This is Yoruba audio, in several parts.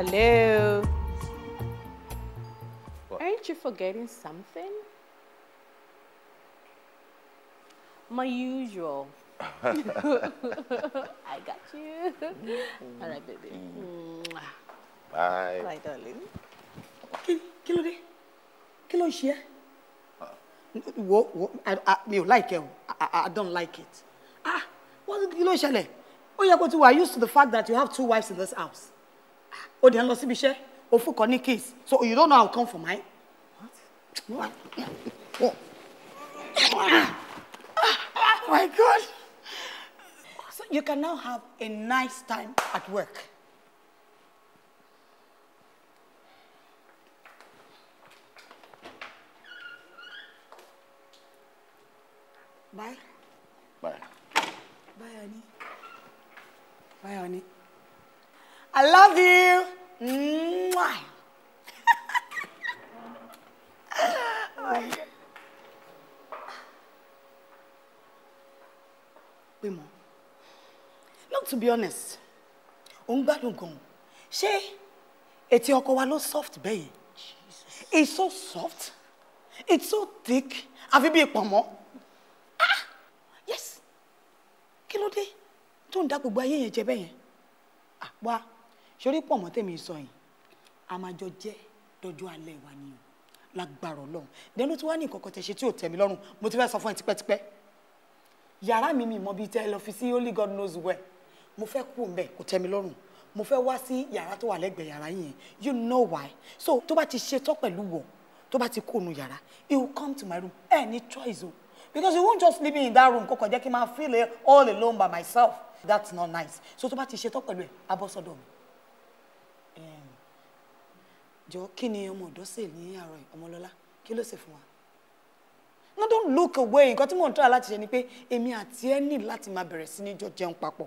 Hello? What? Aren't you forgetting something? My usual. I got you. All right, baby. Bye. Bye, darling. Kí Kill dé? Kí ló ń ṣe ẹ́? Wo wo mi ò like ẹ o. I don't like it. Ah, wọ́n kí ló ṣẹlẹ̀? Ó yẹ kó ti are used to the fact that you have two wives in this house. ó dẹ̀ ń lọ síbi iṣẹ́ ó fún kan ní kiss so you don't know how come for mine. What? What? Oh my God. So you can now have a nice time at work. Bye. Bye. Bye, honey. Bye, honey. I love you. Mwah. Wait Bímọ, not to be honest, ò ń gbádùn gan-an. Ṣé ètè ọkọ soft bẹ́ẹ̀ yẹn? It's so soft, it's so thick, Have you been a ìpọ̀nmọ́. Ah! Yes! Kí ló dé? Tó ń da gbogbo ayé yẹn jẹ bẹ́ẹ̀ ah, sórí pọ̀ mọ́ tèmi sọ yìí a máa jọ jẹ́ dọ́jú alẹ́ wa ni o lágbára ọlọ́run dẹ́n ló ti wá ní ìkọ̀kọ̀ tẹ̀ tí ò tẹ̀mí lọ́rùn mo ti fẹ́ sọ fún ẹ tipẹ́tipẹ́ yàrá mi mi mọ bíi tẹ́ ẹ lọ fi sí only God knows where mo fẹ́ kú mbẹ́ kò tẹ̀mí lọ́rùn mo fẹ́ wá sí yàrá tó wà lẹ́gbẹ̀ẹ́ yàrá yẹn you know why so tó bá ti ṣe tán pẹ̀lú wọ̀ tó bá ti kóònù yàrá he will come to my room ẹ ní choice o because you won't just leave me in that room kó kàn jẹ́ kí n máa feel all alone by myself that's not nice so tó bá ti ṣe tán pẹ̀lú ẹ abọ́sọ́dọ̀ mi jọ kí ni ọmọ ọ̀dọ́ sè ní àárọ̀ yìí ọmọlọ́lá kí ló ṣe fún wa. no don't look away nǹkan tí mò ń tọ́ra láti ṣe ni pé èmi àti ẹ ní láti máa bẹ̀rẹ̀ sí ní jọ jẹun papọ̀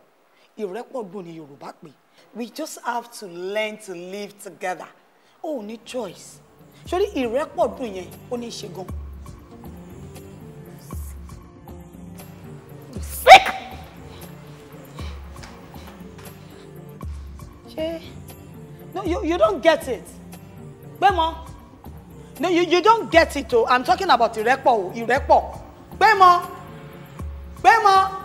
ìrẹ́pọ̀ dùn ní yorùbá pé we just have to learn to live together ó oh, ní choice sórí ìrẹ́pọ̀ dùn yẹn ó ní í ṣe gan. sick. ṣé you, you, don't get it. Bemo. No, you, you don't get it o. Oh. I'm talking about irrepo, irrepo, Bemo, Bemo. Gbẹ́mọ.